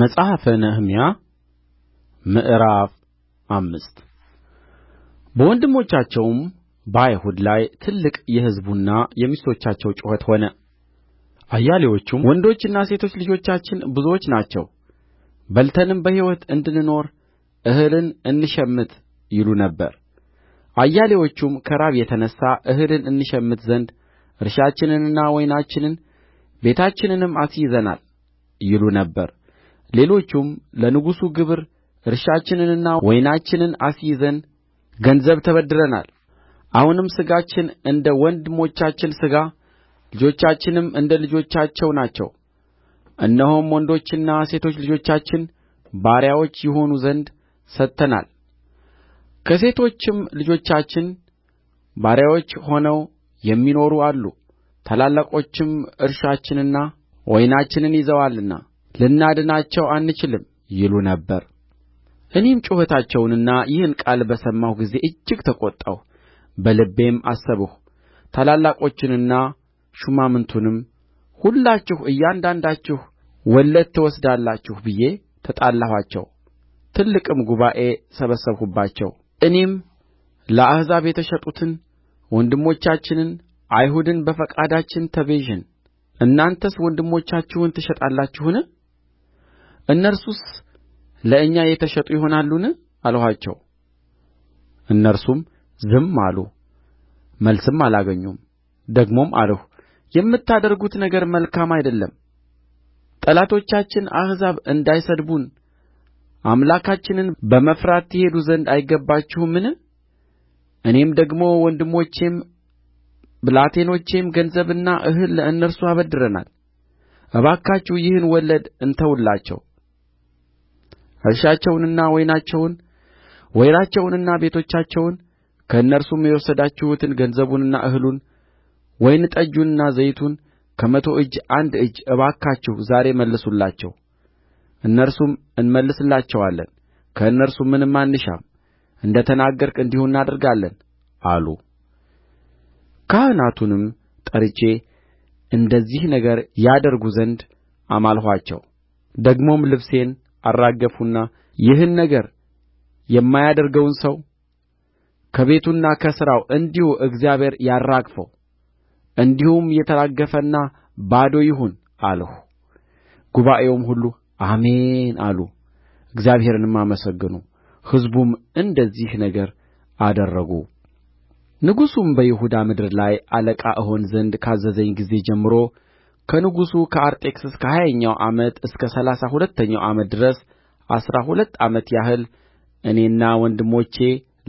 መጽሐፈ ነህምያ ምዕራፍ አምስት በወንድሞቻቸውም በአይሁድ ላይ ትልቅ የሕዝቡና የሚስቶቻቸው ጩኸት ሆነ። አያሌዎቹም ወንዶችና ሴቶች ልጆቻችን ብዙዎች ናቸው፣ በልተንም በሕይወት እንድንኖር እህልን እንሸምት ይሉ ነበር። አያሌዎቹም ከራብ የተነሣ እህልን እንሸምት ዘንድ እርሻችንንና ወይናችንን ቤታችንንም አስይዘናል ይሉ ነበር። ሌሎቹም ለንጉሡ ግብር እርሻችንንና ወይናችንን አስይዘን ገንዘብ ተበድረናል አሁንም ሥጋችን እንደ ወንድሞቻችን ሥጋ ልጆቻችንም እንደ ልጆቻቸው ናቸው እነሆም ወንዶችና ሴቶች ልጆቻችን ባሪያዎች ይሆኑ ዘንድ ሰጥተናል ከሴቶችም ልጆቻችን ባሪያዎች ሆነው የሚኖሩ አሉ ታላላቆችም እርሻችንና ወይናችንን ይዘዋልና ልናድናቸው አንችልም ይሉ ነበር እኔም ጩኸታቸውንና ይህን ቃል በሰማሁ ጊዜ እጅግ ተቈጣሁ በልቤም አሰብሁ ታላላቆቹንና ሹማምቱንም ሁላችሁ እያንዳንዳችሁ ወለድ ትወስዳላችሁ ብዬ ተጣላኋቸው ትልቅም ጉባኤ ሰበሰብሁባቸው እኔም ለአሕዛብ የተሸጡትን ወንድሞቻችንን አይሁድን በፈቃዳችን ተቤዥን እናንተስ ወንድሞቻችሁን ትሸጣላችሁን እነርሱስ ለእኛ የተሸጡ ይሆናሉን አልኋቸው እነርሱም ዝም አሉ መልስም አላገኙም ደግሞም አልሁ የምታደርጉት ነገር መልካም አይደለም ጠላቶቻችን አሕዛብ እንዳይሰድቡን አምላካችንን በመፍራት ትሄዱ ዘንድ አይገባችሁምን እኔም ደግሞ ወንድሞቼም ብላቴኖቼም ገንዘብና እህል ለእነርሱ አበድረናል እባካችሁ ይህን ወለድ እንተውላቸው እርሻቸውንና ወይናቸውን ወይራቸውንና ቤቶቻቸውን ከእነርሱም የወሰዳችሁትን ገንዘቡንና እህሉን ወይን ጠጁንና ዘይቱን ከመቶ እጅ አንድ እጅ እባካችሁ ዛሬ መልሱላቸው እነርሱም እንመልስላቸዋለን ከእነርሱም ምንም አንሻም እንደ ተናገርህ እንዲሁ እናደርጋለን አሉ ካህናቱንም ጠርቼ እንደዚህ ነገር ያደርጉ ዘንድ አማልኋቸው ደግሞም ልብሴን አራገፍሁና ይህን ነገር የማያደርገውን ሰው ከቤቱና ከሥራው እንዲሁ እግዚአብሔር ያራግፈው እንዲሁም የተራገፈና ባዶ ይሁን አልሁ ጉባኤውም ሁሉ አሜን አሉ እግዚአብሔርንም አመሰገኑ ሕዝቡም እንደዚህ ነገር አደረጉ ንጉሡም በይሁዳ ምድር ላይ አለቃ እሆን ዘንድ ካዘዘኝ ጊዜ ጀምሮ ከንጉሡ ከአርጤክስስ ከሀያኛው ዓመት እስከ ሠላሳ ሁለተኛው ዓመት ድረስ አሥራ ሁለት ዓመት ያህል እኔና ወንድሞቼ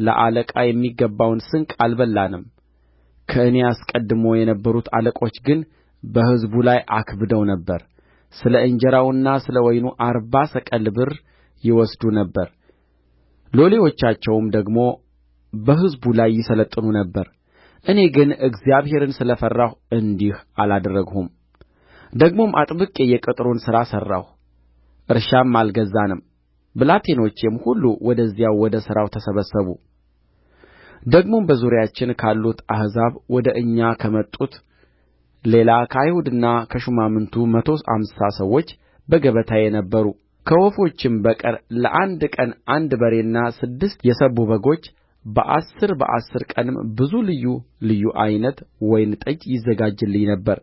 ለአለቃ የሚገባውን ስንቅ አልበላንም ከእኔ አስቀድሞ የነበሩት አለቆች ግን በሕዝቡ ላይ አክብደው ነበር ስለ እንጀራውና ስለ ወይኑ አርባ ሰቅል ብር ይወስዱ ነበር ሎሌዎቻቸውም ደግሞ በሕዝቡ ላይ ይሠለጥኑ ነበር እኔ ግን እግዚአብሔርን ስለ ፈራሁ እንዲህ አላደረግሁም ደግሞም አጥብቄ የቅጥሩን ሥራ ሠራሁ እርሻም አልገዛንም ብላቴኖቼም ሁሉ ወደዚያው ወደ ሥራው ተሰበሰቡ ደግሞም በዙሪያችን ካሉት አሕዛብ ወደ እኛ ከመጡት ሌላ ከአይሁድና ከሹማምቱ መቶ አምሳ ሰዎች በገበታዬ ነበሩ ከወፎችም በቀር ለአንድ ቀን አንድ በሬና ስድስት የሰቡ በጎች በአሥር በአሥር ቀንም ብዙ ልዩ ልዩ ዓይነት ወይን ጠጅ ይዘጋጅልኝ ነበር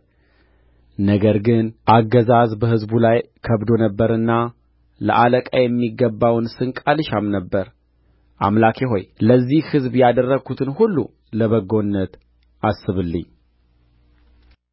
ነገር ግን አገዛዝ በሕዝቡ ላይ ከብዶ ነበርና ለአለቃ የሚገባውን ስንቅ አልሻም ነበር አምላኬ ሆይ ለዚህ ሕዝብ ያደረግሁትን ሁሉ ለበጎነት አስብልኝ